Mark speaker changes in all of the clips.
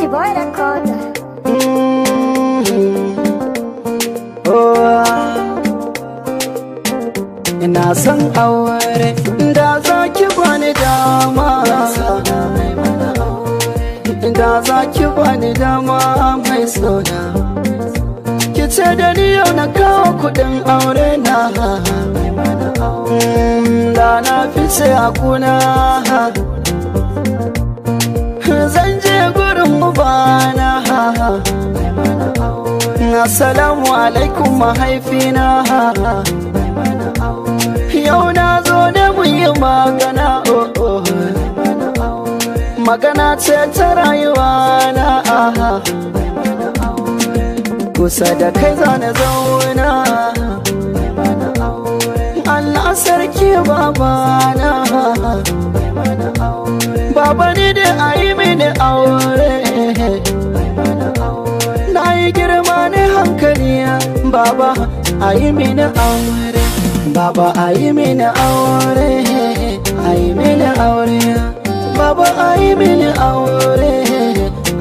Speaker 1: de boy da Ina son aure da za ki bani dama. Da za ki bani dama mai sona. Ki ce da ni yau na kawo kuɗin aure na. Mm, da na fi sai a kuna. na Assalamu alaikum mahaifina Yau na zo da yi magana oh, oh. Magana ce ta rayuwa na Kusa da kai zane zauna Allah sarki babana Baba ne da ayi mini aure baba a yi mini aure baba a yi mini aure a yi mini aure baba a yi mini aure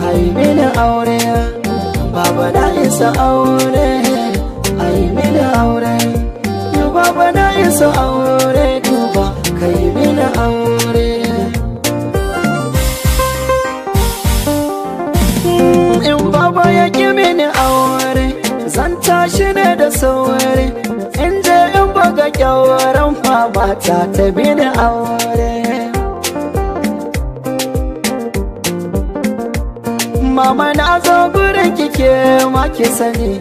Speaker 1: a yi mini aure baba na isa aure a yi mini aure baba na isa aure sauri in je in buga kyawaran fama ta ta bini aure mama na zo gurin kike ma ki sani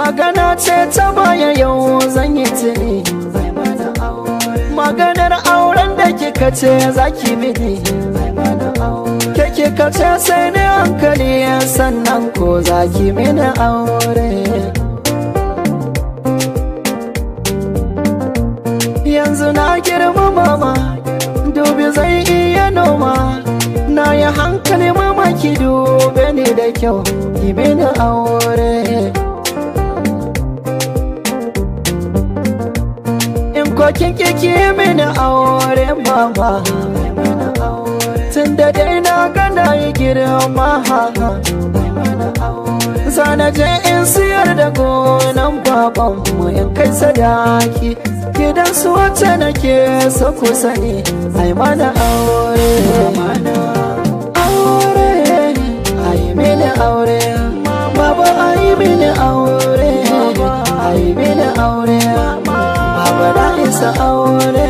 Speaker 1: magana ce ta baya yau zan yi tuni maganar auren da kika ce za ki mini kace sai ne hankali sannan ko zaki mini aure yanzu na girma mama dubi zai iya noma na yi hankali mama ki dube ni da kyau ki mini aure in kin ki mini aure mama girma Zana je in siyar da gonan baban in kai sadaki Gidan su wacce nake so kusa ne ai mana aure Aure, ai mini aure Baba ai mini aure, ai mini aure Baba na isa aure